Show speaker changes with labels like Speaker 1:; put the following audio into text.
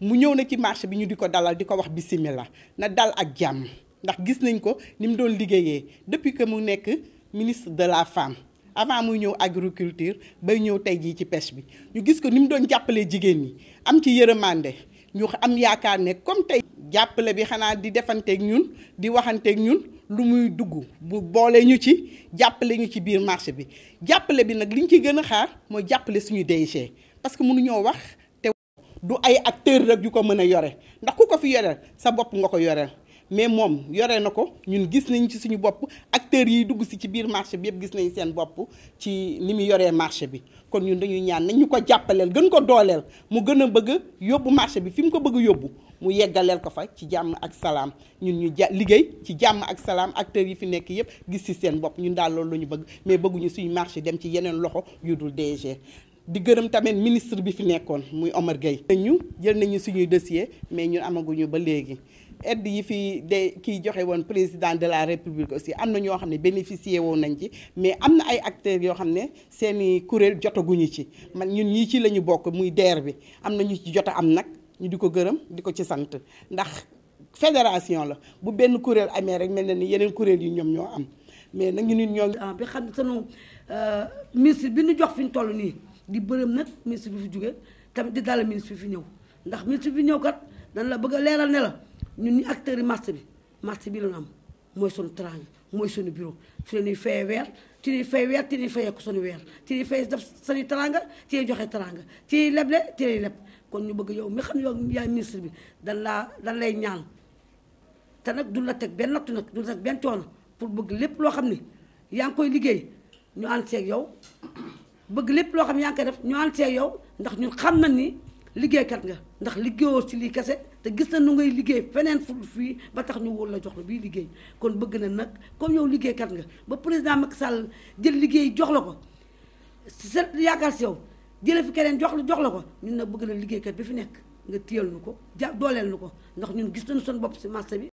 Speaker 1: mu ñëw na ci marché bi ñu di ko dalal di ko wax bismillah na dal ak jàmm ndax gis nañ ko ni mu doon liggéeyee depuis que mu nekk ministre de la femme avant muy ñëw agriculture bay ñëw tey jii ci peche bi ñu gis ko ni mu doon jàppale jigéen ñi am ci yërëmande ñu am yaakaar ne comme tey jàppale bi xanaa di defanteeg ñun di waxanteeg ñun lu muy dugg bu boolee ñu ci jàppale ñu ci biir marché bi jàppale bi nag li ñu ci gën a xaar mooy jàppale suñu DG parce que mënuñoo wax du ay acteur rek yu ko mën a yore ndax ku ko fi yore sa bopp nga ko yore mais moom yore na ko ñun gis nañ ci suñu bopp acteurs yi dugg si ci biir marché bi yëpp gis nañ seen bopp ci ni mu yoree marché bi kon ñun dañuy ñaan nañ ko jàppaleel gën ko dooleel mu gën a bëgg yóbbu marché bi fi mu ko bëgg yóbbu mu yeggaleel ko fa ci jàmm ak salaam ñun ñu ja liggéey ci jàmm ak salaam acteurs yi fi nekk yëpp gis si seen bopp ñun daal loolu la ñu bëgg mais bëgguñu suñu marché dem ci yeneen loxo yu dul DG di gërëm tamit ministre bi fi nekkoon muy Omar Gueye ñu jël nañu suñuy dossier mais ñun amaguñu ba léegi aide yi fi de kiy joxe woon président de la république aussi am na ñoo xam ne bénéficier woon nañ ci mais am na ay acteurs yoo xam ne seeni kuréel jotaguñu ci man ñun ñii ci la ñu bokk muy DER bi am na ñu ci jot a am nag ñu di ko gërëm di ko ci sant ndax fédération la bu benn kuréel amee rek mel na ni yeneen kuréel yi ñoom ñoo am mais nag ñu nit ñoo. Ah, bi xam ne sunu euh, ministre
Speaker 2: bi ñu jox fi ñu toll nii. di bërëm nag ministre bi fi jóge tamit di dal ministre bi fi ñëw ndax ministre bi ñëw kat dañ la bëgg leeral ne la ñun ni acteurs yi marché bi marché bi la ñu am mooy sunu trang mooy suñu bureau ci la ñuy fayee weer ci ñuy fay weer ci ñuy fayeeku sunu weer ci ñuy fay def sunu teranga ci ñuy joxe teranga ci ñuy leble ci ñuy leb kon ñu bëgg yow mi xam yow yaay ministre bi dan laa dan lay ñaan te nag du la teg benn nattu nag du la teg benn coono pour bëgg lépp loo xam ne yaa ngi koy liggéey ñu ànd yow bëgg lépp loo xam yaa ngi koy def ñu ànd see yow ndax ñun xam na ni liggéeykat nga ndax liggéeyoo ci lii kese te gis na nu ngay liggéey feneen fu fii ba tax ñu wóor la jox la bii liggéey kon bëgg na nag comme yow liggéeykat nga ba président Macky Sall jël liggéey jox la ko sa yaakaar si yow jële fi keneen jox la jox la ko ñun nag bëgg na liggéeykat bi fi nekk nga téyal nu ko ja dooleel nu ko ndax ñun gis nañu seen bopp si marché bi